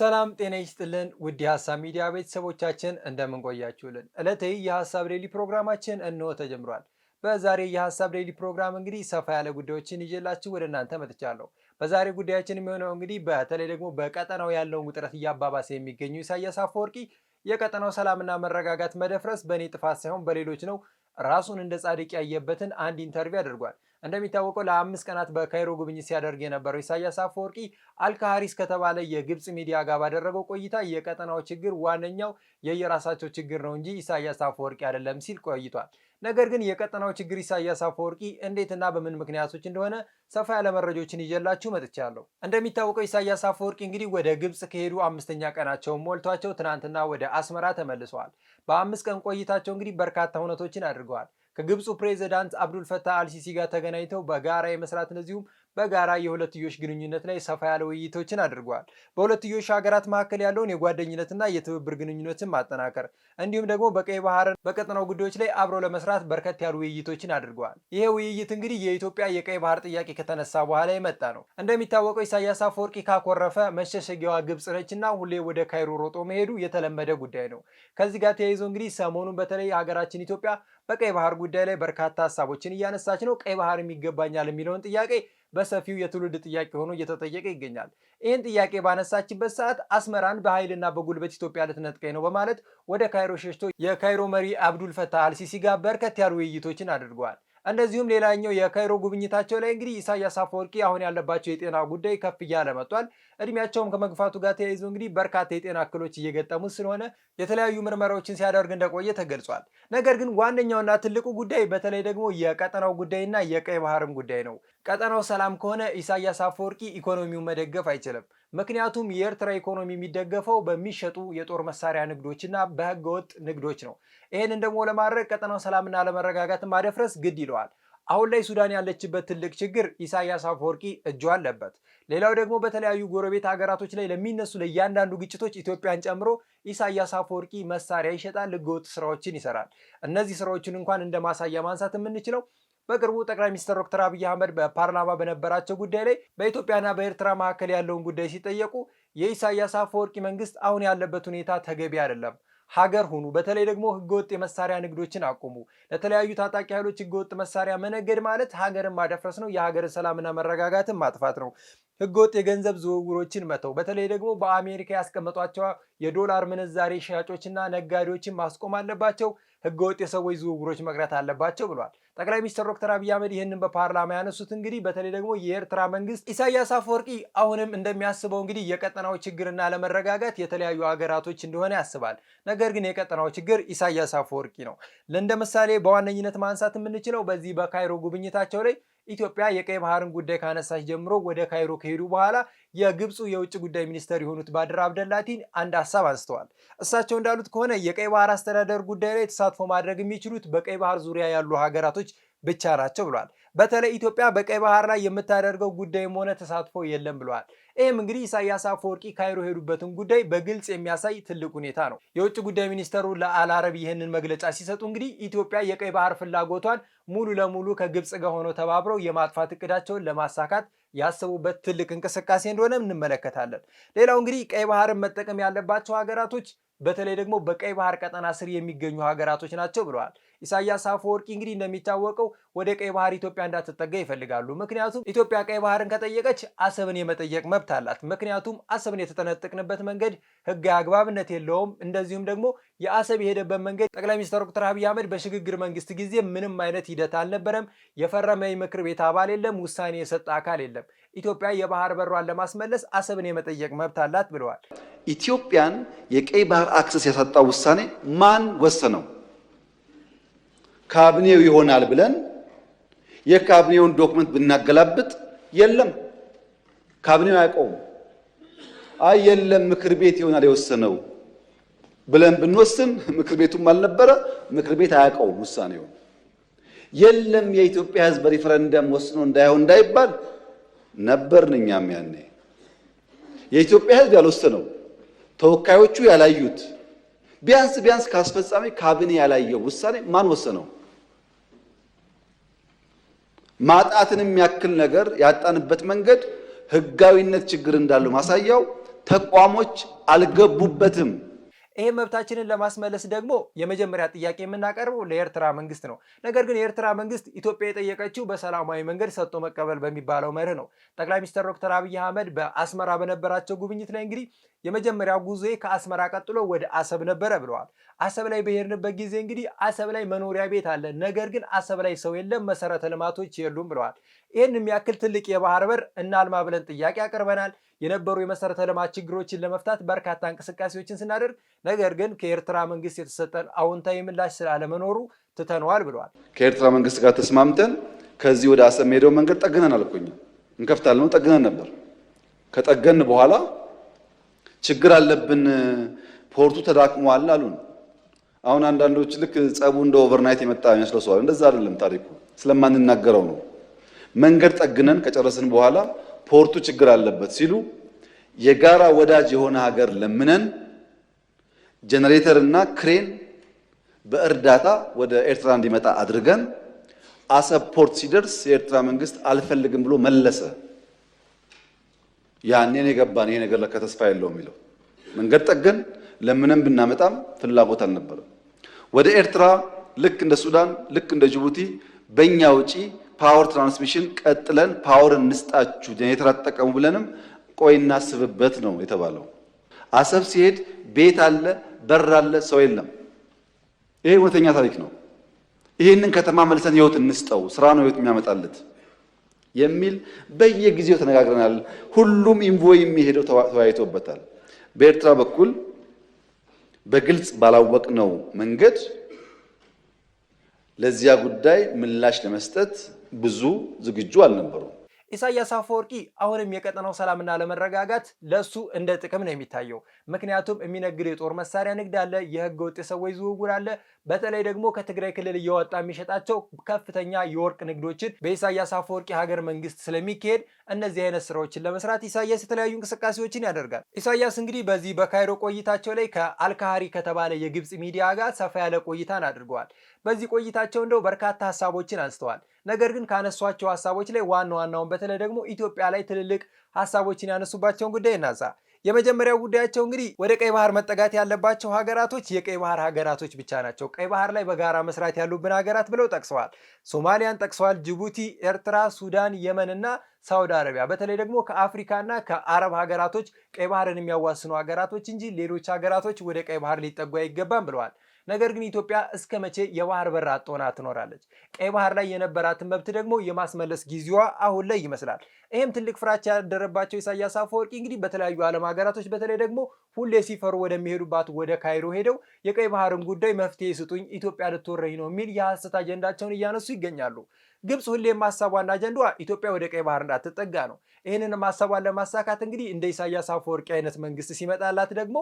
ሰላም ጤና ይስጥልን ውድ የሀሳብ ሚዲያ ቤተሰቦቻችን እንደምንቆያችሁልን እለት የሀሳብ ዴይሊ ፕሮግራማችን እንሆ ተጀምሯል። በዛሬ የሀሳብ ዴይሊ ፕሮግራም እንግዲህ ሰፋ ያለ ጉዳዮችን ይዤላችሁ ወደ እናንተ መጥቻለሁ። በዛሬ ጉዳያችን የሚሆነው እንግዲህ በተለይ ደግሞ በቀጠናው ያለውን ውጥረት እያባባሰ የሚገኙ ኢሳያስ አፈወርቂ የቀጠናው ሰላምና መረጋጋት መደፍረስ በእኔ ጥፋት ሳይሆን በሌሎች ነው ራሱን እንደ ጻድቅ ያየበትን አንድ ኢንተርቪው አድርጓል። እንደሚታወቀው ለአምስት ቀናት በካይሮ ጉብኝት ሲያደርግ የነበረው ኢሳያስ አፈወርቂ አልካሃሪስ ከተባለ የግብፅ ሚዲያ ጋር ባደረገው ቆይታ የቀጠናው ችግር ዋነኛው የየራሳቸው ችግር ነው እንጂ ኢሳያስ አፈወርቂ አይደለም ሲል ቆይቷል። ነገር ግን የቀጠናው ችግር ኢሳያስ አፈወርቂ እንዴትና በምን ምክንያቶች እንደሆነ ሰፋ ያለ መረጃዎችን ይዤላችሁ መጥቻለሁ። እንደሚታወቀው ኢሳያስ አፈወርቂ እንግዲህ ወደ ግብፅ ከሄዱ አምስተኛ ቀናቸውን ሞልቷቸው ትናንትና ወደ አስመራ ተመልሰዋል። በአምስት ቀን ቆይታቸው እንግዲህ በርካታ እውነቶችን አድርገዋል። ከግብፁ ፕሬዚዳንት አብዱልፈታህ አልሲሲ ጋር ተገናኝተው በጋራ የመስራት እንደዚሁም በጋራ የሁለትዮሽ ግንኙነት ላይ ሰፋ ያለ ውይይቶችን አድርጓል። በሁለትዮሽ ሀገራት መካከል ያለውን የጓደኝነትና የትብብር ግንኙነትን ማጠናከር እንዲሁም ደግሞ በቀይ ባህርን በቀጠናው ጉዳዮች ላይ አብሮ ለመስራት በርከት ያሉ ውይይቶችን አድርጓል። ይሄ ውይይት እንግዲህ የኢትዮጵያ የቀይ ባህር ጥያቄ ከተነሳ በኋላ የመጣ ነው። እንደሚታወቀው ኢሳያስ አፈወርቂ ካኮረፈ መሸሸጊያዋ ግብጽ ነችና ሁሌ ወደ ካይሮ ሮጦ መሄዱ የተለመደ ጉዳይ ነው። ከዚህ ጋር ተያይዞ እንግዲህ ሰሞኑን በተለይ ሀገራችን ኢትዮጵያ በቀይ ባህር ጉዳይ ላይ በርካታ ሀሳቦችን እያነሳች ነው። ቀይ ባህርም ይገባኛል የሚለውን ጥያቄ በሰፊው የትውልድ ጥያቄ ሆኖ እየተጠየቀ ይገኛል። ይህን ጥያቄ ባነሳችበት ሰዓት አስመራን በኃይልና በጉልበት ኢትዮጵያ ልትነጥቀኝ ነው በማለት ወደ ካይሮ ሸሽቶ የካይሮ መሪ አብዱል አልሲሲ ጋር በርከት ያሉ ውይይቶችን አድርገዋል። እንደዚሁም ሌላኛው የካይሮ ጉብኝታቸው ላይ እንግዲህ ኢሳያስ አፈወርቂ አሁን ያለባቸው የጤና ጉዳይ ከፍ እያለ መጥቷል። እድሜያቸውም ከመግፋቱ ጋር ተያይዞ እንግዲህ በርካታ የጤና እክሎች እየገጠሙት ስለሆነ የተለያዩ ምርመራዎችን ሲያደርግ እንደቆየ ተገልጿል። ነገር ግን ዋነኛውና ትልቁ ጉዳይ በተለይ ደግሞ የቀጠናው ጉዳይና የቀይ ባህርም ጉዳይ ነው። ቀጠናው ሰላም ከሆነ ኢሳያስ አፈወርቂ ኢኮኖሚውን መደገፍ አይችልም። ምክንያቱም የኤርትራ ኢኮኖሚ የሚደገፈው በሚሸጡ የጦር መሳሪያ ንግዶችና በህገወጥ ንግዶች ነው። ይህንን ደግሞ ለማድረግ ቀጠናው ሰላምና ለመረጋጋት ማደፍረስ ግድ ይለዋል። አሁን ላይ ሱዳን ያለችበት ትልቅ ችግር ኢሳያስ አፈወርቂ እጁ አለበት። ሌላው ደግሞ በተለያዩ ጎረቤት ሀገራቶች ላይ ለሚነሱ ለእያንዳንዱ ግጭቶች ኢትዮጵያን ጨምሮ ኢሳያስ አፈወርቂ መሳሪያ ይሸጣል፣ ህገወጥ ስራዎችን ይሰራል። እነዚህ ስራዎችን እንኳን እንደ ማሳያ ማንሳት የምንችለው በቅርቡ ጠቅላይ ሚኒስትር ዶክተር አብይ አህመድ በፓርላማ በነበራቸው ጉዳይ ላይ በኢትዮጵያና በኤርትራ መካከል ያለውን ጉዳይ ሲጠየቁ የኢሳያስ አፈወርቂ መንግስት አሁን ያለበት ሁኔታ ተገቢ አይደለም ሀገር ሁኑ። በተለይ ደግሞ ህገወጥ የመሳሪያ ንግዶችን አቁሙ። ለተለያዩ ታጣቂ ኃይሎች ህገወጥ መሳሪያ መነገድ ማለት ሀገርን ማደፍረስ ነው፣ የሀገርን ሰላምና መረጋጋትን ማጥፋት ነው። ህገወጥ የገንዘብ ዝውውሮችን መተው፣ በተለይ ደግሞ በአሜሪካ ያስቀመጧቸው የዶላር ምንዛሬ ሻጮችና ነጋዴዎችን ማስቆም አለባቸው። ህገወጥ የሰዎች ዝውውሮች መቅረት አለባቸው ብሏል። ጠቅላይ ሚኒስትር ዶክተር አብይ አህመድ ይህንን በፓርላማ ያነሱት እንግዲህ በተለይ ደግሞ የኤርትራ መንግስት ኢሳያስ አፈወርቂ አሁንም እንደሚያስበው እንግዲህ የቀጠናው ችግርና ለመረጋጋት የተለያዩ ሀገራቶች እንደሆነ ያስባል። ነገር ግን የቀጠናው ችግር ኢሳያስ አፈወርቂ ነው። ለእንደ ምሳሌ በዋነኝነት ማንሳት የምንችለው በዚህ በካይሮ ጉብኝታቸው ላይ ኢትዮጵያ የቀይ ባህርን ጉዳይ ካነሳች ጀምሮ ወደ ካይሮ ከሄዱ በኋላ የግብፁ የውጭ ጉዳይ ሚኒስተር የሆኑት ባድር አብደላቲን አንድ ሀሳብ አንስተዋል። እሳቸው እንዳሉት ከሆነ የቀይ ባህር አስተዳደር ጉዳይ ላይ ተሳትፎ ማድረግ የሚችሉት በቀይ ባህር ዙሪያ ያሉ ሀገራቶች ብቻ ናቸው ብለዋል። በተለይ ኢትዮጵያ በቀይ ባህር ላይ የምታደርገው ጉዳይም ሆነ ተሳትፎ የለም ብለዋል። ይህም እንግዲህ ኢሳያስ አፈወርቂ ካይሮ ሄዱበትን ጉዳይ በግልጽ የሚያሳይ ትልቅ ሁኔታ ነው። የውጭ ጉዳይ ሚኒስተሩ ለአልአረብ ይህንን መግለጫ ሲሰጡ እንግዲህ ኢትዮጵያ የቀይ ባህር ፍላጎቷን ሙሉ ለሙሉ ከግብፅ ጋር ሆነው ተባብረው የማጥፋት እቅዳቸውን ለማሳካት ያሰቡበት ትልቅ እንቅስቃሴ እንደሆነ እንመለከታለን። ሌላው እንግዲህ ቀይ ባህርን መጠቀም ያለባቸው ሀገራቶች በተለይ ደግሞ በቀይ ባህር ቀጠና ስር የሚገኙ ሀገራቶች ናቸው ብለዋል። ኢሳያስ አፈወርቂ እንግዲህ እንደሚታወቀው ወደ ቀይ ባህር ኢትዮጵያ እንዳትጠጋ ይፈልጋሉ። ምክንያቱም ኢትዮጵያ ቀይ ባህርን ከጠየቀች አሰብን የመጠየቅ መብት አላት። ምክንያቱም አሰብን የተጠነጠቅንበት መንገድ ህጋዊ አግባብነት የለውም። እንደዚሁም ደግሞ የአሰብ የሄደበት መንገድ ጠቅላይ ሚኒስትር ዶክተር አብይ አህመድ በሽግግር መንግስት ጊዜ ምንም አይነት ሂደት አልነበረም። የፈረመ ምክር ቤት አባል የለም፣ ውሳኔ የሰጠ አካል የለም። ኢትዮጵያ የባህር በሯን ለማስመለስ አሰብን የመጠየቅ መብት አላት ብለዋል። ኢትዮጵያን የቀይ ባህር አክሰስ ያሳጣው ውሳኔ ማን ወሰነው? ካቢኔው ይሆናል ብለን የካቢኔውን ዶክመንት ብናገላብጥ የለም፣ ካቢኔው አያውቀውም። አይ የለም ምክር ቤት ይሆናል የወሰነው ብለን ብንወስን ምክር ቤቱም አልነበረ፣ ምክር ቤት አያውቀውም ውሳኔውን። የለም የኢትዮጵያ ሕዝብ በሪፈረንደም ወስኖ እንዳይሆን እንዳይባል ነበርን። እኛም ያኔ የኢትዮጵያ ሕዝብ ያልወሰነው ተወካዮቹ ያላዩት ቢያንስ ቢያንስ ካስፈጻሚ ካቢኔ ያላየው ውሳኔ ማን ወሰነው? ማጣትን የሚያክል ነገር ያጣንበት መንገድ ህጋዊነት ችግር እንዳለው ማሳያው ተቋሞች አልገቡበትም። ይሄ መብታችንን ለማስመለስ ደግሞ የመጀመሪያ ጥያቄ የምናቀርበው ለኤርትራ መንግስት ነው። ነገር ግን የኤርትራ መንግስት ኢትዮጵያ የጠየቀችው በሰላማዊ መንገድ ሰጥቶ መቀበል በሚባለው መርህ ነው። ጠቅላይ ሚኒስትር ዶክተር አብይ አህመድ በአስመራ በነበራቸው ጉብኝት ላይ እንግዲህ የመጀመሪያው ጉዞ ከአስመራ ቀጥሎ ወደ አሰብ ነበረ ብለዋል። አሰብ ላይ በሄድንበት ጊዜ እንግዲህ አሰብ ላይ መኖሪያ ቤት አለ፣ ነገር ግን አሰብ ላይ ሰው የለም፣ መሰረተ ልማቶች የሉም ብለዋል። ይህን የሚያክል ትልቅ የባህር በር እናልማ ብለን ጥያቄ አቅርበናል። የነበሩ የመሰረተ ልማት ችግሮችን ለመፍታት በርካታ እንቅስቃሴዎችን ስናደርግ፣ ነገር ግን ከኤርትራ መንግስት የተሰጠን አዎንታዊ ምላሽ ስላለመኖሩ ትተነዋል ብለዋል። ከኤርትራ መንግስት ጋር ተስማምተን ከዚህ ወደ አሰብ ሄደው መንገድ ጠግነን አልኩኝ እንከፍታለን ጠግነን ነበር። ከጠገን በኋላ ችግር አለብን፣ ፖርቱ ተዳክሟል አሉን። አሁን አንዳንዶች ልክ ጸቡ እንደ ኦቨርናይት የመጣ ይመስለው ሰዋል። እንደዛ አይደለም ታሪኩ፣ ስለማንናገረው ነው። መንገድ ጠግነን ከጨረስን በኋላ ፖርቱ ችግር አለበት ሲሉ የጋራ ወዳጅ የሆነ ሀገር ለምነን ጄኔሬተርና ክሬን በእርዳታ ወደ ኤርትራ እንዲመጣ አድርገን አሰብ ፖርት ሲደርስ የኤርትራ መንግስት አልፈልግም ብሎ መለሰ። ያኔን የገባን ይሄ ነገር ለካ ተስፋ የለውም የሚለው መንገድ ጠገን ለምንም ብናመጣም ፍላጎት አልነበረም። ወደ ኤርትራ ልክ እንደ ሱዳን ልክ እንደ ጅቡቲ በእኛ ውጪ ፓወር ትራንስሚሽን ቀጥለን ፓወር እንስጣችሁ ጄኔሬተር አትጠቀሙ ብለንም ቆይ እናስብበት ነው የተባለው። አሰብ ሲሄድ ቤት አለ፣ በር አለ፣ ሰው የለም። ይሄ እውነተኛ ታሪክ ነው። ይህንን ከተማ መልሰን ህይወት እንስጠው፣ ስራ ነው ህይወት የሚያመጣለት የሚል በየጊዜው ተነጋግረናል። ሁሉም ኢንቮይ የሚሄደው ተወያይቶበታል። በኤርትራ በኩል በግልጽ ባላወቅነው መንገድ ለዚያ ጉዳይ ምላሽ ለመስጠት ብዙ ዝግጁ አልነበሩም። ኢሳያስ አፈወርቂ አሁንም የቀጠናው ሰላምና ለመረጋጋት ለእሱ እንደ ጥቅም ነው የሚታየው። ምክንያቱም የሚነግድ የጦር መሳሪያ ንግድ አለ፣ የህገ ወጥ የሰዎች ዝውውር አለ። በተለይ ደግሞ ከትግራይ ክልል እየወጣ የሚሸጣቸው ከፍተኛ የወርቅ ንግዶችን በኢሳያስ አፈወርቂ ሀገር መንግስት ስለሚካሄድ እነዚህ አይነት ስራዎችን ለመስራት ኢሳያስ የተለያዩ እንቅስቃሴዎችን ያደርጋል። ኢሳያስ እንግዲህ በዚህ በካይሮ ቆይታቸው ላይ ከአልካሃሪ ከተባለ የግብፅ ሚዲያ ጋር ሰፋ ያለ ቆይታን አድርገዋል። በዚህ ቆይታቸው እንደው በርካታ ሀሳቦችን አንስተዋል። ነገር ግን ካነሷቸው ሀሳቦች ላይ ዋና ዋናውን በተለይ ደግሞ ኢትዮጵያ ላይ ትልልቅ ሀሳቦችን ያነሱባቸውን ጉዳይ እናዛ የመጀመሪያው ጉዳያቸው እንግዲህ ወደ ቀይ ባህር መጠጋት ያለባቸው ሀገራቶች የቀይ ባህር ሀገራቶች ብቻ ናቸው፣ ቀይ ባህር ላይ በጋራ መስራት ያሉብን ሀገራት ብለው ጠቅሰዋል። ሶማሊያን ጠቅሰዋል፣ ጅቡቲ፣ ኤርትራ፣ ሱዳን፣ የመን እና ሳውዲ አረቢያ በተለይ ደግሞ ከአፍሪካና ከአረብ ሀገራቶች ቀይ ባህርን የሚያዋስኑ ሀገራቶች እንጂ ሌሎች ሀገራቶች ወደ ቀይ ባህር ሊጠጉ አይገባም ብለዋል። ነገር ግን ኢትዮጵያ እስከ መቼ የባህር በር አጥ ትኖራለች? ቀይ ባህር ላይ የነበራትን መብት ደግሞ የማስመለስ ጊዜዋ አሁን ላይ ይመስላል። ይህም ትልቅ ፍራቻ ያደረባቸው ኢሳያስ አፈወርቂ እንግዲህ በተለያዩ ዓለም ሀገራቶች በተለይ ደግሞ ሁሌ ሲፈሩ ወደሚሄዱባት ወደ ካይሮ ሄደው የቀይ ባህርን ጉዳይ መፍትሄ ስጡኝ፣ ኢትዮጵያ ልትወረኝ ነው የሚል የሐሰት አጀንዳቸውን እያነሱ ይገኛሉ። ግብፅ ሁሌም ሀሳቧና አጀንዳዋ ኢትዮጵያ ወደ ቀይ ባህር እንዳትጠጋ ነው። ይህንን ሀሳቧን ለማሳካት እንግዲህ እንደ ኢሳያስ አፈወርቂ አይነት መንግስት ሲመጣላት ደግሞ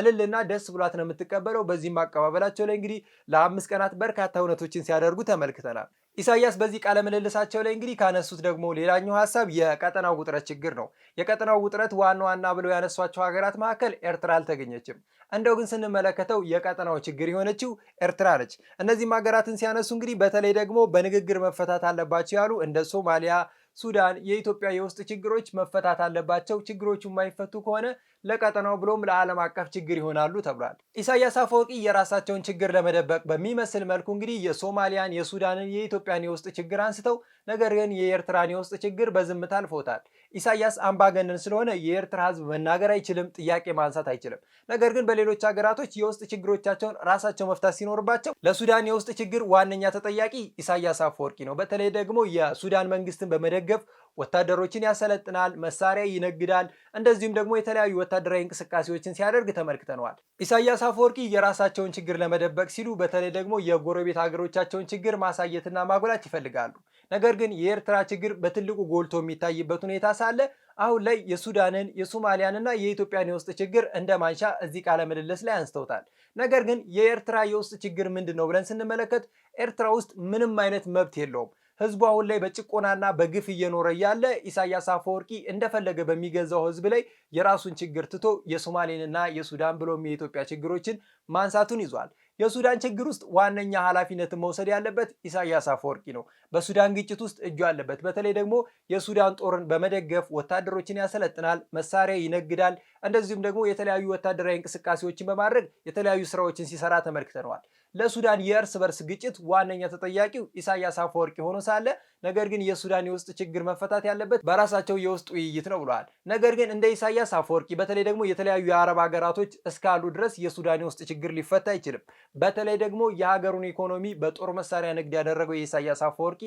እልልና ደስ ብሏት ነው የምትቀበለው። በዚህም አቀባበላቸው ላይ እንግዲህ ለአምስት ቀናት በርካታ እውነቶችን ሲያደርጉ ተመልክተናል። ኢሳያስ በዚህ ቃለ ምልልሳቸው ላይ እንግዲህ ካነሱት ደግሞ ሌላኛው ሀሳብ የቀጠናው ውጥረት ችግር ነው። የቀጠናው ውጥረት ዋና ዋና ብለው ያነሷቸው ሀገራት መካከል ኤርትራ አልተገኘችም። እንደው ግን ስንመለከተው የቀጠናው ችግር የሆነችው ኤርትራ ነች። እነዚህም ሀገራትን ሲያነሱ እንግዲህ በተለይ ደግሞ በንግግር መፈታት አለባቸው ያሉ እንደ ሶማሊያ ሱዳን የኢትዮጵያ የውስጥ ችግሮች መፈታት አለባቸው፣ ችግሮቹ የማይፈቱ ከሆነ ለቀጠናው ብሎም ለዓለም አቀፍ ችግር ይሆናሉ ተብሏል። ኢሳያስ አፈወርቂ የራሳቸውን ችግር ለመደበቅ በሚመስል መልኩ እንግዲህ የሶማሊያን፣ የሱዳንን፣ የኢትዮጵያን የውስጥ ችግር አንስተው ነገር ግን የኤርትራን የውስጥ ችግር በዝምታ አልፎታል። ኢሳያስ አምባገነን ስለሆነ የኤርትራ ህዝብ መናገር አይችልም፣ ጥያቄ ማንሳት አይችልም። ነገር ግን በሌሎች ሀገራቶች የውስጥ ችግሮቻቸውን ራሳቸው መፍታት ሲኖርባቸው ለሱዳን የውስጥ ችግር ዋነኛ ተጠያቂ ኢሳያስ አፈወርቂ ነው። በተለይ ደግሞ የሱዳን መንግስትን በመደገፍ ወታደሮችን ያሰለጥናል፣ መሳሪያ ይነግዳል፣ እንደዚሁም ደግሞ የተለያዩ ወታደራዊ እንቅስቃሴዎችን ሲያደርግ ተመልክተነዋል። ኢሳያስ አፈወርቂ የራሳቸውን ችግር ለመደበቅ ሲሉ በተለይ ደግሞ የጎረቤት ሀገሮቻቸውን ችግር ማሳየትና ማጉላት ይፈልጋሉ። ነገር ግን የኤርትራ ችግር በትልቁ ጎልቶ የሚታይበት ሁኔታ ሳለ አሁን ላይ የሱዳንን የሶማሊያንና የኢትዮጵያን የውስጥ ችግር እንደ ማንሻ እዚህ ቃለ ምልልስ ላይ አንስተውታል። ነገር ግን የኤርትራ የውስጥ ችግር ምንድን ነው ብለን ስንመለከት ኤርትራ ውስጥ ምንም አይነት መብት የለውም። ህዝቡ አሁን ላይ በጭቆናና በግፍ እየኖረ ያለ ኢሳያስ አፈወርቂ እንደፈለገ በሚገዛው ህዝብ ላይ የራሱን ችግር ትቶ የሶማሌንና የሱዳን ብሎም የኢትዮጵያ ችግሮችን ማንሳቱን ይዟል። የሱዳን ችግር ውስጥ ዋነኛ ኃላፊነትን መውሰድ ያለበት ኢሳያስ አፈወርቂ ነው። በሱዳን ግጭት ውስጥ እጁ አለበት በተለይ ደግሞ የሱዳን ጦርን በመደገፍ ወታደሮችን ያሰለጥናል፣ መሳሪያ ይነግዳል፣ እንደዚሁም ደግሞ የተለያዩ ወታደራዊ እንቅስቃሴዎችን በማድረግ የተለያዩ ስራዎችን ሲሰራ ተመልክተነዋል። ለሱዳን የእርስ በርስ ግጭት ዋነኛ ተጠያቂው ኢሳያስ አፈወርቂ ሆኖ ሳለ ነገር ግን የሱዳን የውስጥ ችግር መፈታት ያለበት በራሳቸው የውስጥ ውይይት ነው ብለዋል። ነገር ግን እንደ ኢሳያስ አፈወርቂ በተለይ ደግሞ የተለያዩ የአረብ ሀገራቶች እስካሉ ድረስ የሱዳን የውስጥ ችግር ሊፈታ አይችልም። በተለይ ደግሞ የሀገሩን ኢኮኖሚ በጦር መሳሪያ ንግድ ያደረገው የኢሳያስ አፈወርቂ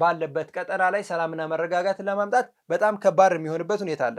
ባለበት ቀጠና ላይ ሰላምና መረጋጋትን ለማምጣት በጣም ከባድ የሚሆንበት ሁኔታ አለ።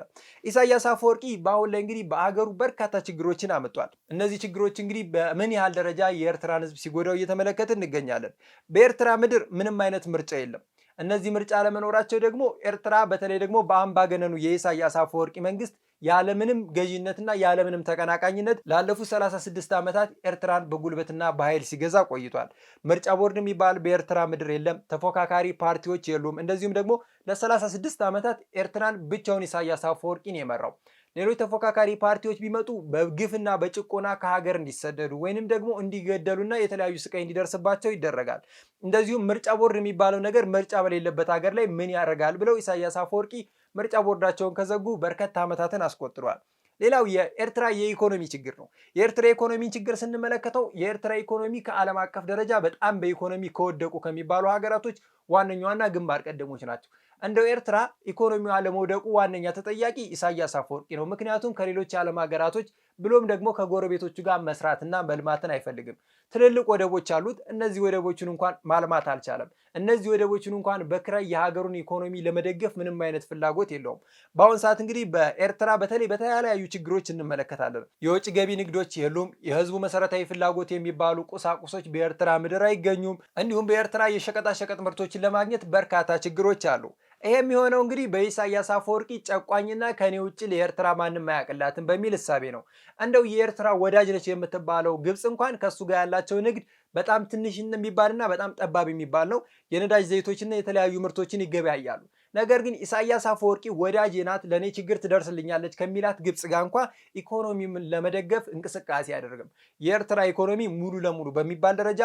ኢሳያስ አፈወርቂ በአሁን ላይ እንግዲህ በአገሩ በርካታ ችግሮችን አምጧል እነዚህ ችግሮች እንግዲህ በምን ያህል ደረጃ የኤርትራን ሕዝብ ሲጎዳው እየተመለከትን እንገኛለን። በኤርትራ ምድር ምንም አይነት ምርጫ የለም። እነዚህ ምርጫ ለመኖራቸው ደግሞ ኤርትራ በተለይ ደግሞ በአምባገነኑ የኢሳያስ አፈወርቂ መንግስት ያለምንም ገዥነትና ያለምንም ተቀናቃኝነት ላለፉት 36 ዓመታት ኤርትራን በጉልበትና በኃይል ሲገዛ ቆይቷል። ምርጫ ቦርድ የሚባል በኤርትራ ምድር የለም፣ ተፎካካሪ ፓርቲዎች የሉም። እንደዚሁም ደግሞ ለ36 ዓመታት ኤርትራን ብቻውን ኢሳያስ አፈወርቂን የመራው። ሌሎች ተፎካካሪ ፓርቲዎች ቢመጡ በግፍና በጭቆና ከሀገር እንዲሰደዱ ወይንም ደግሞ እንዲገደሉና የተለያዩ ስቃይ እንዲደርስባቸው ይደረጋል። እንደዚሁም ምርጫ ቦርድ የሚባለው ነገር ምርጫ በሌለበት ሀገር ላይ ምን ያደርጋል ብለው ኢሳያስ አፈወርቂ ምርጫ ቦርዳቸውን ከዘጉ በርካታ ዓመታትን አስቆጥሯል። ሌላው የኤርትራ የኢኮኖሚ ችግር ነው። የኤርትራ ኢኮኖሚ ችግር ስንመለከተው የኤርትራ ኢኮኖሚ ከዓለም አቀፍ ደረጃ በጣም በኢኮኖሚ ከወደቁ ከሚባሉ ሀገራቶች ዋነኛዋና ግንባር ቀደሞች ናቸው። እንደው ኤርትራ ኢኮኖሚዋ ለመውደቁ ዋነኛ ተጠያቂ ኢሳያስ አፈወርቂ ነው። ምክንያቱም ከሌሎች የዓለም ሀገራቶች ብሎም ደግሞ ከጎረቤቶቹ ጋር መስራትና መልማትን አይፈልግም። ትልልቅ ወደቦች አሉት። እነዚህ ወደቦችን እንኳን ማልማት አልቻለም። እነዚህ ወደቦችን እንኳን በክራይ የሀገሩን ኢኮኖሚ ለመደገፍ ምንም አይነት ፍላጎት የለውም። በአሁን ሰዓት እንግዲህ በኤርትራ በተለይ በተለያዩ ችግሮች እንመለከታለን። የውጭ ገቢ ንግዶች የሉም። የህዝቡ መሰረታዊ ፍላጎት የሚባሉ ቁሳቁሶች በኤርትራ ምድር አይገኙም። እንዲሁም በኤርትራ የሸቀጣሸቀጥ ምርቶች ተማሪዎችን ለማግኘት በርካታ ችግሮች አሉ። ይህ የሚሆነው እንግዲህ በኢሳያስ አፈወርቂ ጨቋኝና ከኔ ውጭ ለኤርትራ ማንም አያቅላትም በሚል እሳቤ ነው። እንደው የኤርትራ ወዳጅ ነች የምትባለው ግብፅ እንኳን ከእሱ ጋር ያላቸው ንግድ በጣም ትንሽ የሚባልና በጣም ጠባብ የሚባል ነው። የነዳጅ ዘይቶችና የተለያዩ ምርቶችን ይገበያያሉ። ነገር ግን ኢሳያስ አፈወርቂ ወዳጅ ናት፣ ለእኔ ችግር ትደርስልኛለች ከሚላት ግብፅ ጋር እንኳ ኢኮኖሚ ለመደገፍ እንቅስቃሴ አያደርግም። የኤርትራ ኢኮኖሚ ሙሉ ለሙሉ በሚባል ደረጃ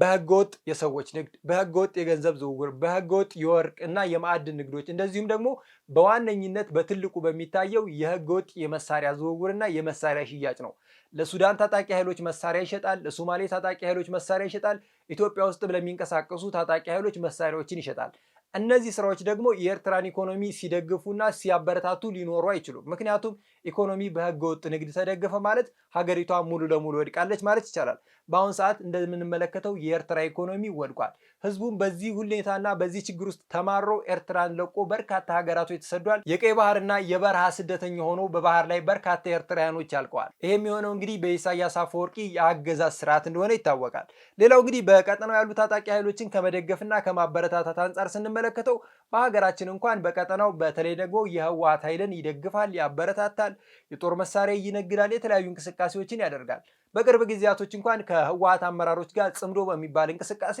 በህገወጥ የሰዎች ንግድ፣ በህገወጥ የገንዘብ ዝውውር፣ በህገወጥ የወርቅ እና የማዕድን ንግዶች እንደዚሁም ደግሞ በዋነኝነት በትልቁ በሚታየው የህገወጥ የመሳሪያ ዝውውርና የመሳሪያ ሽያጭ ነው። ለሱዳን ታጣቂ ኃይሎች መሳሪያ ይሸጣል። ለሶማሌ ታጣቂ ኃይሎች መሳሪያ ይሸጣል። ኢትዮጵያ ውስጥ ለሚንቀሳቀሱ ታጣቂ ኃይሎች መሳሪያዎችን ይሸጣል። እነዚህ ስራዎች ደግሞ የኤርትራን ኢኮኖሚ ሲደግፉና ሲያበረታቱ ሊኖሩ አይችሉም። ምክንያቱም ኢኮኖሚ በህገ ወጥ ንግድ ተደገፈ ማለት ሀገሪቷ ሙሉ ለሙሉ ወድቃለች ማለት ይቻላል። በአሁን ሰዓት እንደምንመለከተው የኤርትራ ኢኮኖሚ ወድቋል። ህዝቡም በዚህ ሁኔታና በዚህ ችግር ውስጥ ተማሮ ኤርትራን ለቆ በርካታ ሀገራቶች ተሰዷል። የቀይ ባህርና የበረሃ ስደተኛ ሆኖ በባህር ላይ በርካታ ኤርትራውያኖች አልቀዋል። ይህም የሆነው እንግዲህ በኢሳያስ አፈወርቂ የአገዛዝ ስርዓት እንደሆነ ይታወቃል። ሌላው እንግዲህ በቀጠናው ያሉ ታጣቂ ኃይሎችን ከመደገፍና ከማበረታታት አንጻር ስንመለከተው በሀገራችን እንኳን በቀጠናው በተለይ ደግሞ የህወሓት ኃይልን ይደግፋል፣ ያበረታታል፣ የጦር መሳሪያ ይነግዳል፣ የተለያዩ እንቅስቃሴዎችን ያደርጋል። በቅርብ ጊዜያቶች እንኳን ከህወሓት አመራሮች ጋር ጽምዶ በሚባል እንቅስቃሴ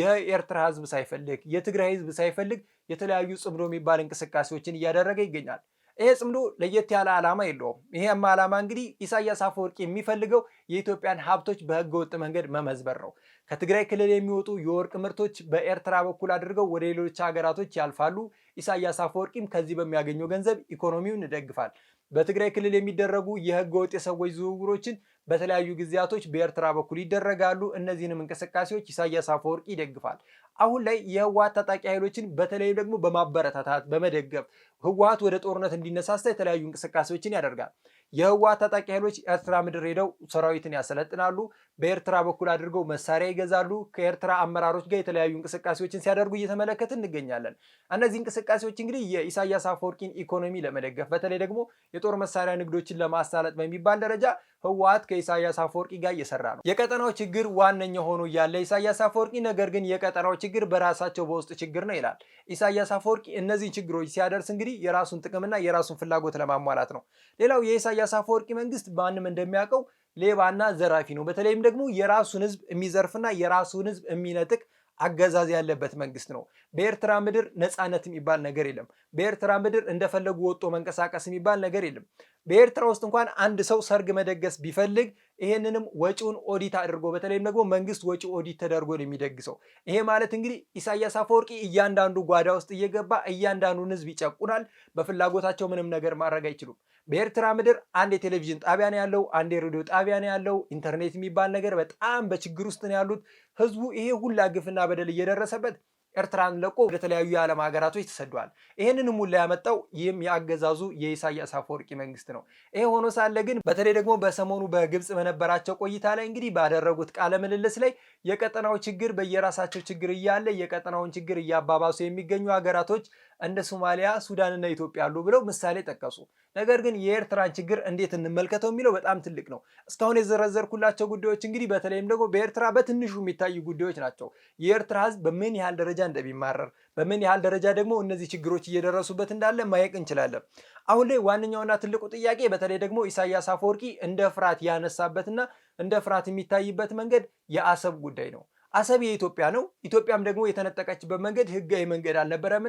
የኤርትራ ህዝብ ሳይፈልግ የትግራይ ህዝብ ሳይፈልግ የተለያዩ ጽምዶ የሚባል እንቅስቃሴዎችን እያደረገ ይገኛል። ይሄ ጽምዶ ለየት ያለ ዓላማ የለውም። ይሄም ዓላማ እንግዲህ ኢሳያስ አፈወርቂ የሚፈልገው የኢትዮጵያን ሀብቶች በህገ ወጥ መንገድ መመዝበር ነው። ከትግራይ ክልል የሚወጡ የወርቅ ምርቶች በኤርትራ በኩል አድርገው ወደ ሌሎች ሀገራቶች ያልፋሉ። ኢሳያስ አፈወርቂም ከዚህ በሚያገኘው ገንዘብ ኢኮኖሚውን ይደግፋል። በትግራይ ክልል የሚደረጉ የህገ ወጥ የሰዎች ዝውውሮችን በተለያዩ ጊዜያቶች በኤርትራ በኩል ይደረጋሉ። እነዚህንም እንቅስቃሴዎች ኢሳያስ አፈወርቂ ይደግፋል። አሁን ላይ የህወሀት ታጣቂ ኃይሎችን በተለይም ደግሞ በማበረታታት በመደገፍ ህወሀት ወደ ጦርነት እንዲነሳሳ የተለያዩ እንቅስቃሴዎችን ያደርጋል። የህወሀት ታጣቂ ኃይሎች ኤርትራ ምድር ሄደው ሰራዊትን ያሰለጥናሉ። በኤርትራ በኩል አድርገው መሳሪያ ይገዛሉ። ከኤርትራ አመራሮች ጋር የተለያዩ እንቅስቃሴዎችን ሲያደርጉ እየተመለከት እንገኛለን። እነዚህ እንቅስቃሴዎች እንግዲህ የኢሳያስ አፈወርቂን ኢኮኖሚ ለመደገፍ በተለይ ደግሞ የጦር መሳሪያ ንግዶችን ለማሳለጥ በሚባል ደረጃ ህዋት ከኢሳያስ አፈወርቂ ጋር እየሰራ ነው። የቀጠናው ችግር ዋነኛ ሆኖ እያለ ኢሳያስ አፈወርቂ ነገር ግን የቀጠናው ችግር በራሳቸው በውስጥ ችግር ነው ይላል። ኢሳያስ አፈወርቂ እነዚህን ችግሮች ሲያደርስ እንግዲህ የራሱን ጥቅምና የራሱን ፍላጎት ለማሟላት ነው። ሌላው የኢሳያስ አፈወርቂ መንግስት ማንም እንደሚያውቀው ሌባና ዘራፊ ነው። በተለይም ደግሞ የራሱን ህዝብ የሚዘርፍና የራሱን ህዝብ የሚነጥቅ አገዛዝ ያለበት መንግስት ነው። በኤርትራ ምድር ነፃነት የሚባል ነገር የለም። በኤርትራ ምድር እንደፈለጉ ወጦ መንቀሳቀስ የሚባል ነገር የለም። በኤርትራ ውስጥ እንኳን አንድ ሰው ሰርግ መደገስ ቢፈልግ ይሄንንም ወጪውን ኦዲት አድርጎ በተለይም ደግሞ መንግስት ወጪ ኦዲት ተደርጎ ነው የሚደግሰው። ይሄ ማለት እንግዲህ ኢሳያስ አፈወርቂ እያንዳንዱ ጓዳ ውስጥ እየገባ እያንዳንዱን ህዝብ ይጨቁናል። በፍላጎታቸው ምንም ነገር ማድረግ አይችሉም። በኤርትራ ምድር አንድ የቴሌቪዥን ጣቢያ ነው ያለው፣ አንድ የሬዲዮ ጣቢያ ነው ያለው። ኢንተርኔት የሚባል ነገር በጣም በችግር ውስጥ ነው ያሉት። ህዝቡ ይሄ ሁላ ግፍና በደል እየደረሰበት ኤርትራን ለቆ ወደ ተለያዩ የዓለም ሀገራቶች ተሰደዋል። ይህንን ሙላ ያመጣው ይህም የአገዛዙ የኢሳያስ አፈወርቂ መንግስት ነው። ይሄ ሆኖ ሳለ ግን በተለይ ደግሞ በሰሞኑ በግብፅ በነበራቸው ቆይታ ላይ እንግዲህ ባደረጉት ቃለ ምልልስ ላይ የቀጠናው ችግር በየራሳቸው ችግር እያለ የቀጠናውን ችግር እያባባሱ የሚገኙ ሀገራቶች እንደ ሶማሊያ፣ ሱዳንና ኢትዮጵያ አሉ ብለው ምሳሌ ጠቀሱ። ነገር ግን የኤርትራን ችግር እንዴት እንመልከተው የሚለው በጣም ትልቅ ነው። እስካሁን የዘረዘርኩላቸው ጉዳዮች እንግዲህ በተለይም ደግሞ በኤርትራ በትንሹ የሚታዩ ጉዳዮች ናቸው። የኤርትራ ሕዝብ በምን ያህል ደረጃ እንደሚማረር፣ በምን ያህል ደረጃ ደግሞ እነዚህ ችግሮች እየደረሱበት እንዳለ ማየቅ እንችላለን። አሁን ላይ ዋነኛውና ትልቁ ጥያቄ በተለይ ደግሞ ኢሳያስ አፈወርቂ እንደ ፍርሃት ያነሳበትና እንደ ፍርሃት የሚታይበት መንገድ የአሰብ ጉዳይ ነው። አሰብ የኢትዮጵያ ነው፣ ኢትዮጵያም ደግሞ የተነጠቀችበት መንገድ ህጋዊ መንገድ አልነበረም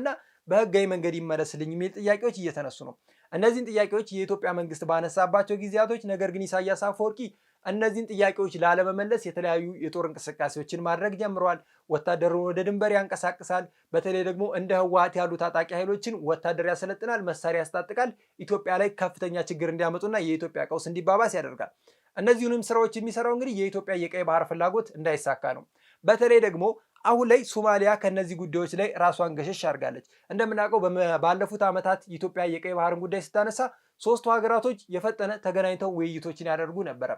በህጋዊ መንገድ ይመለስልኝ የሚል ጥያቄዎች እየተነሱ ነው። እነዚህን ጥያቄዎች የኢትዮጵያ መንግስት ባነሳባቸው ጊዜያቶች፣ ነገር ግን ኢሳያስ አፈወርቂ እነዚህን ጥያቄዎች ላለመመለስ የተለያዩ የጦር እንቅስቃሴዎችን ማድረግ ጀምረዋል። ወታደሩን ወደ ድንበር ያንቀሳቅሳል። በተለይ ደግሞ እንደ ህወሀት ያሉ ታጣቂ ኃይሎችን ወታደር ያሰለጥናል፣ መሳሪያ ያስታጥቃል። ኢትዮጵያ ላይ ከፍተኛ ችግር እንዲያመጡና የኢትዮጵያ ቀውስ እንዲባባስ ያደርጋል። እነዚሁንም ስራዎች የሚሰራው እንግዲህ የኢትዮጵያ የቀይ ባህር ፍላጎት እንዳይሳካ ነው። በተለይ ደግሞ አሁን ላይ ሶማሊያ ከነዚህ ጉዳዮች ላይ ራሷን ገሸሽ አድርጋለች። እንደምናውቀው ባለፉት ዓመታት ኢትዮጵያ የቀይ ባህርን ጉዳይ ስታነሳ ሶስቱ ሀገራቶች የፈጠነ ተገናኝተው ውይይቶችን ያደርጉ ነበረ፣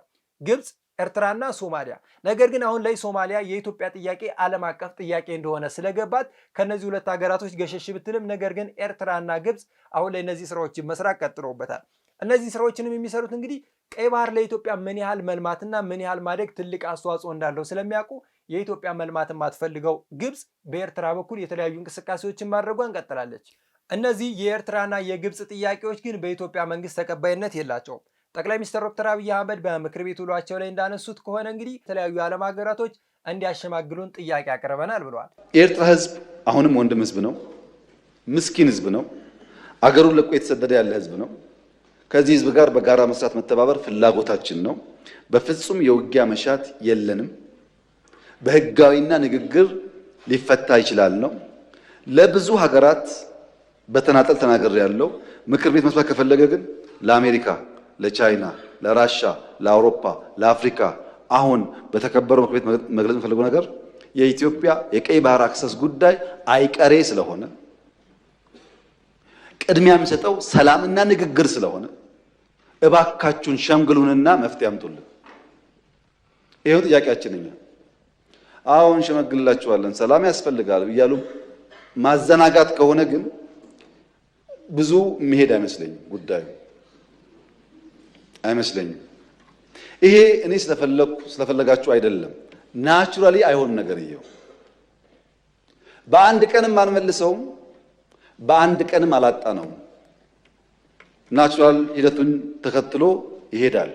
ግብፅ፣ ኤርትራና ሶማሊያ። ነገር ግን አሁን ላይ ሶማሊያ የኢትዮጵያ ጥያቄ ዓለም አቀፍ ጥያቄ እንደሆነ ስለገባት ከነዚህ ሁለት ሀገራቶች ገሸሽ ብትልም፣ ነገር ግን ኤርትራና ግብፅ አሁን ላይ እነዚህ ስራዎችን መስራት ቀጥለውበታል። እነዚህ ስራዎችንም የሚሰሩት እንግዲህ ቀይ ባህር ለኢትዮጵያ ምን ያህል መልማትና ምን ያህል ማደግ ትልቅ አስተዋጽኦ እንዳለው ስለሚያውቁ የኢትዮጵያ መልማት የማትፈልገው ግብፅ በኤርትራ በኩል የተለያዩ እንቅስቃሴዎችን ማድረጓ እንቀጥላለች። እነዚህ የኤርትራና የግብፅ ጥያቄዎች ግን በኢትዮጵያ መንግስት ተቀባይነት የላቸውም። ጠቅላይ ሚኒስትር ዶክተር አብይ አህመድ በምክር ቤት ውሏቸው ላይ እንዳነሱት ከሆነ እንግዲህ የተለያዩ የዓለም ሀገራቶች እንዲያሸማግሉን ጥያቄ አቅርበናል ብለዋል። የኤርትራ ህዝብ አሁንም ወንድም ህዝብ ነው። ምስኪን ህዝብ ነው። አገሩን ለቆ የተሰደደ ያለ ህዝብ ነው። ከዚህ ህዝብ ጋር በጋራ መስራት መተባበር ፍላጎታችን ነው። በፍጹም የውጊያ መሻት የለንም። በህጋዊና ንግግር ሊፈታ ይችላል ነው። ለብዙ ሀገራት በተናጠል ተናገር ያለው ምክር ቤት መስማት ከፈለገ ግን ለአሜሪካ፣ ለቻይና፣ ለራሻ፣ ለአውሮፓ፣ ለአፍሪካ አሁን በተከበረው ምክር ቤት መግለጽ የምፈልገው ነገር የኢትዮጵያ የቀይ ባህር አክሰስ ጉዳይ አይቀሬ ስለሆነ ቅድሚያ የሚሰጠው ሰላምና ንግግር ስለሆነ እባካችሁን ሸምግሉንና መፍትሄ አምጡልን። ይሄው ጥያቄያችን እኛ አሁን ሸመግልላችኋለን፣ ሰላም ያስፈልጋል እያሉ ማዘናጋት ከሆነ ግን ብዙ መሄድ አይመስለኝም፣ ጉዳዩ አይመስለኝም። ይሄ እኔ ስለፈለግኩ ስለፈለጋችሁ አይደለም። ናቹራሊ አይሆንም ነገርየው። በአንድ ቀንም አንመልሰውም፣ በአንድ ቀንም አላጣ ነው። ናቹራል ሂደቱን ተከትሎ ይሄዳል።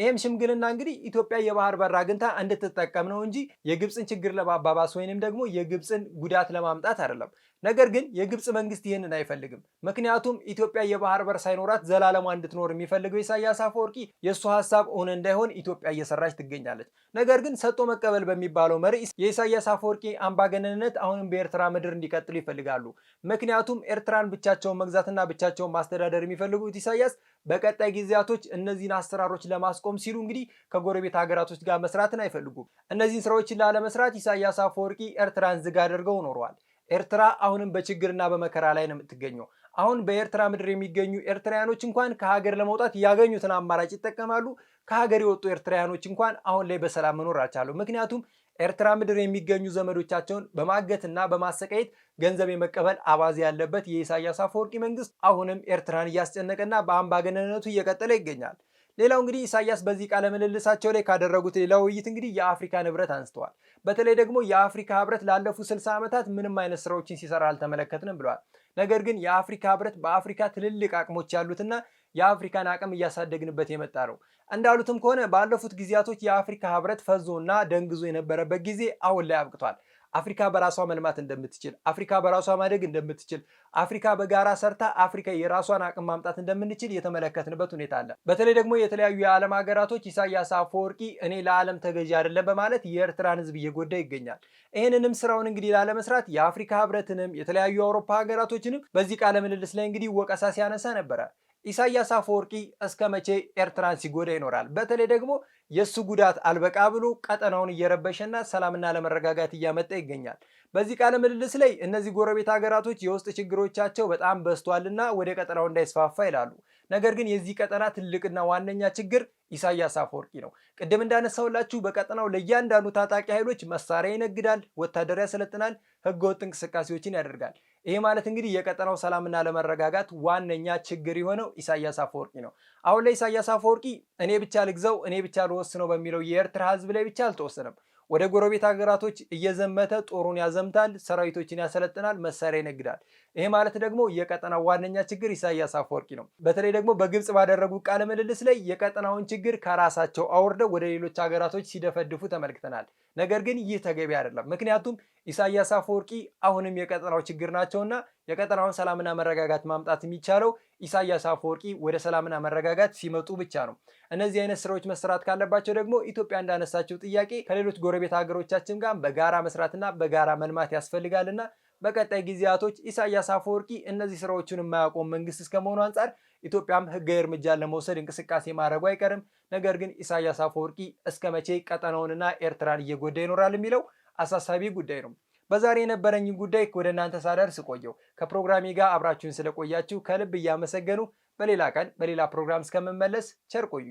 ይህም ሽምግልና እንግዲህ ኢትዮጵያ የባህር በር አግኝታ እንድትጠቀም ነው እንጂ የግብፅን ችግር ለማባባስ ወይንም ደግሞ የግብፅን ጉዳት ለማምጣት አይደለም። ነገር ግን የግብፅ መንግስት ይህንን አይፈልግም። ምክንያቱም ኢትዮጵያ የባህር በር ሳይኖራት ዘላለማ እንድትኖር የሚፈልገው ኢሳያስ አፈወርቂ የእሱ ሀሳብ እውን እንዳይሆን ኢትዮጵያ እየሰራች ትገኛለች። ነገር ግን ሰጥቶ መቀበል በሚባለው መሪ የኢሳያስ አፈወርቂ አምባገነንነት አሁንም በኤርትራ ምድር እንዲቀጥሉ ይፈልጋሉ። ምክንያቱም ኤርትራን ብቻቸውን መግዛትና ብቻቸውን ማስተዳደር የሚፈልጉት ኢሳያስ በቀጣይ ጊዜያቶች እነዚህን አሰራሮች ለማስቆም ሲሉ እንግዲህ ከጎረቤት ሀገራቶች ጋር መስራትን አይፈልጉም። እነዚህን ስራዎችን ላለመስራት ኢሳያስ አፈወርቂ ኤርትራን ዝግ አድርገው ኖረዋል። ኤርትራ አሁንም በችግርና በመከራ ላይ ነው የምትገኘው። አሁን በኤርትራ ምድር የሚገኙ ኤርትራውያኖች እንኳን ከሀገር ለመውጣት ያገኙትን አማራጭ ይጠቀማሉ። ከሀገር የወጡ ኤርትራውያኖች እንኳን አሁን ላይ በሰላም መኖር አልቻሉ። ምክንያቱም ኤርትራ ምድር የሚገኙ ዘመዶቻቸውን በማገትና በማሰቃየት ገንዘብ የመቀበል አባዜ ያለበት የኢሳያስ አፈወርቂ መንግስት አሁንም ኤርትራን እያስጨነቀና በአምባገነንነቱ እየቀጠለ ይገኛል። ሌላው እንግዲህ ኢሳያስ በዚህ ቃለ ምልልሳቸው ላይ ካደረጉት ሌላ ውይይት እንግዲህ የአፍሪካ ንብረት አንስተዋል። በተለይ ደግሞ የአፍሪካ ህብረት ላለፉት ስልሳ ዓመታት ምንም አይነት ስራዎችን ሲሰራ አልተመለከትንም ብለዋል። ነገር ግን የአፍሪካ ህብረት በአፍሪካ ትልልቅ አቅሞች ያሉትና የአፍሪካን አቅም እያሳደግንበት የመጣ ነው። እንዳሉትም ከሆነ ባለፉት ጊዜያቶች የአፍሪካ ህብረት ፈዞና ደንግዞ የነበረበት ጊዜ አሁን ላይ አብቅቷል። አፍሪካ በራሷ መልማት እንደምትችል፣ አፍሪካ በራሷ ማደግ እንደምትችል፣ አፍሪካ በጋራ ሰርታ አፍሪካ የራሷን አቅም ማምጣት እንደምንችል የተመለከትንበት ሁኔታ አለ። በተለይ ደግሞ የተለያዩ የዓለም ሀገራቶች ኢሳያስ አፈወርቂ እኔ ለዓለም ተገዢ አይደለም በማለት የኤርትራን ሕዝብ እየጎዳ ይገኛል። ይህንንም ስራውን እንግዲህ ላለመስራት የአፍሪካ ህብረትንም የተለያዩ የአውሮፓ ሀገራቶችንም በዚህ ቃለ ምልልስ ላይ እንግዲህ ወቀሳ ሲያነሳ ነበረ። ኢሳያስ አፈወርቂ እስከ መቼ ኤርትራን ሲጎዳ ይኖራል? በተለይ ደግሞ የእሱ ጉዳት አልበቃ ብሎ ቀጠናውን እየረበሸና ሰላምና ለመረጋጋት እያመጣ ይገኛል። በዚህ ቃለ ምልልስ ላይ እነዚህ ጎረቤት ሀገራቶች የውስጥ ችግሮቻቸው በጣም በዝቷልና ወደ ቀጠናው እንዳይስፋፋ ይላሉ። ነገር ግን የዚህ ቀጠና ትልቅና ዋነኛ ችግር ኢሳያስ አፈወርቂ ነው። ቅድም እንዳነሳውላችሁ በቀጠናው ለእያንዳንዱ ታጣቂ ኃይሎች መሳሪያ ይነግዳል፣ ወታደር ያሰለጥናል፣ ህገወጥ እንቅስቃሴዎችን ያደርጋል። ይሄ ማለት እንግዲህ የቀጠናው ሰላምና ለመረጋጋት ዋነኛ ችግር የሆነው ኢሳያስ አፈወርቂ ነው። አሁን ላይ ኢሳያስ አፈወርቂ እኔ ብቻ ልግዘው፣ እኔ ብቻ ልወስነው በሚለው የኤርትራ ህዝብ ላይ ብቻ አልተወሰነም። ወደ ጎረቤት ሀገራቶች እየዘመተ ጦሩን ያዘምታል፣ ሰራዊቶችን ያሰለጥናል፣ መሳሪያ ይነግዳል። ይሄ ማለት ደግሞ የቀጠናው ዋነኛ ችግር ኢሳያስ አፈወርቂ ነው። በተለይ ደግሞ በግብጽ ባደረጉ ቃለ ምልልስ ላይ የቀጠናውን ችግር ከራሳቸው አውርደው ወደ ሌሎች ሀገራቶች ሲደፈድፉ ተመልክተናል። ነገር ግን ይህ ተገቢ አይደለም። ምክንያቱም ኢሳያስ አፈወርቂ አሁንም የቀጠናው ችግር ናቸውና የቀጠናውን ሰላምና መረጋጋት ማምጣት የሚቻለው ኢሳያስ አፈወርቂ ወደ ሰላምና መረጋጋት ሲመጡ ብቻ ነው። እነዚህ አይነት ስራዎች መሰራት ካለባቸው ደግሞ ኢትዮጵያ እንዳነሳቸው ጥያቄ ከሌሎች ጎረቤት ሀገሮቻችን ጋር በጋራ መስራትና በጋራ መልማት ያስፈልጋልና በቀጣይ ጊዜያቶች ኢሳያስ አፈወርቂ እነዚህ ስራዎችን የማያቆም መንግስት እስከመሆኑ አንጻር ኢትዮጵያም ህጋዊ እርምጃ ለመውሰድ እንቅስቃሴ ማድረጉ አይቀርም። ነገር ግን ኢሳያስ አፈወርቂ እስከ መቼ ቀጠናውንና ኤርትራን እየጎዳ ይኖራል የሚለው አሳሳቢ ጉዳይ ነው። በዛሬ የነበረኝ ጉዳይ ወደ እናንተ ሳደርስ ቆየው። ከፕሮግራሜ ጋር አብራችሁን ስለቆያችሁ ከልብ እያመሰገኑ በሌላ ቀን በሌላ ፕሮግራም እስከምመለስ ቸር ቆዩ።